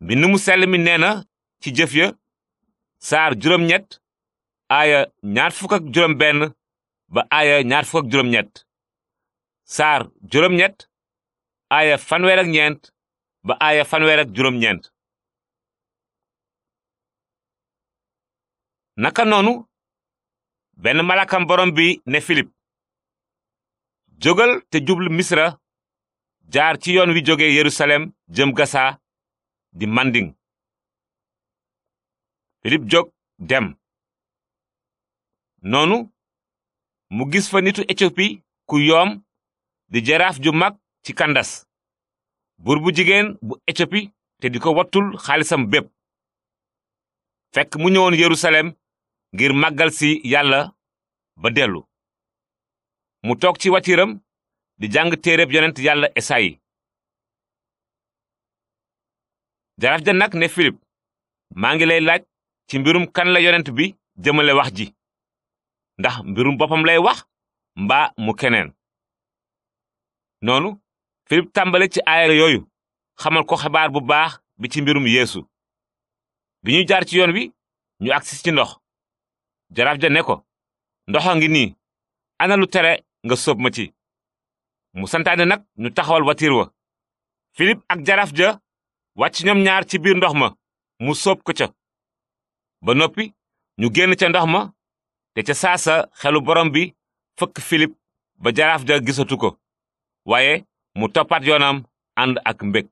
mbind mu sell mi nee na ci jëf ya saar juróom-ñett aaya ñaar fukk juróom-benn ba aaya ñaar fukk juróom-ñett saar juróom-ñett aaya fanweer ñeent ba aaya fanweer juróom-ñeent naka noonu benn malakam borom bi ne Filip jógal te jublu misra jaar ci yoon wi jóge Yerusalem jëm Gasa di manding Filip jog dem noonu mu gis fa nitu Éthiopie ku yoom di jaraaf ju mag ci kandas bur bu jigéen bu Éthiopie te di ko wattul xaalisam bépp fekk mu ñëwoon Yerusalem ngir màggal si yàlla ba dellu mu toog ci watiram di jàng téereb yonent yàlla Esayi jaraaf ja nag ne Philippe maa ngi lay laaj ci mbirum kan la yonent bi jëmale wax ji ndax mbirum boppam lay wax mbaa mu keneen noonu Philippe tàmbale ci aaya yooyu xamal ko xabaar bu baax bi ci mbirum yéesu bi ñu jaar ci yoon wi ñu agsi ci ndox jaraaf ja ne ko ndox ngi nii ana lu tere nga sóob ma ci mu santaane nag ñu taxawal watiir wa Philippe ak jaraaf ja wàcc ñoom ñaar ci biir ndox ma mu sóob ko ca ba noppi ñu génn ca ndox ma te ca saasa xelu borom bi fëkk Philippe ba jaraaf ja gisatu ko waaye mu toppaat yoonam ànd ak mbég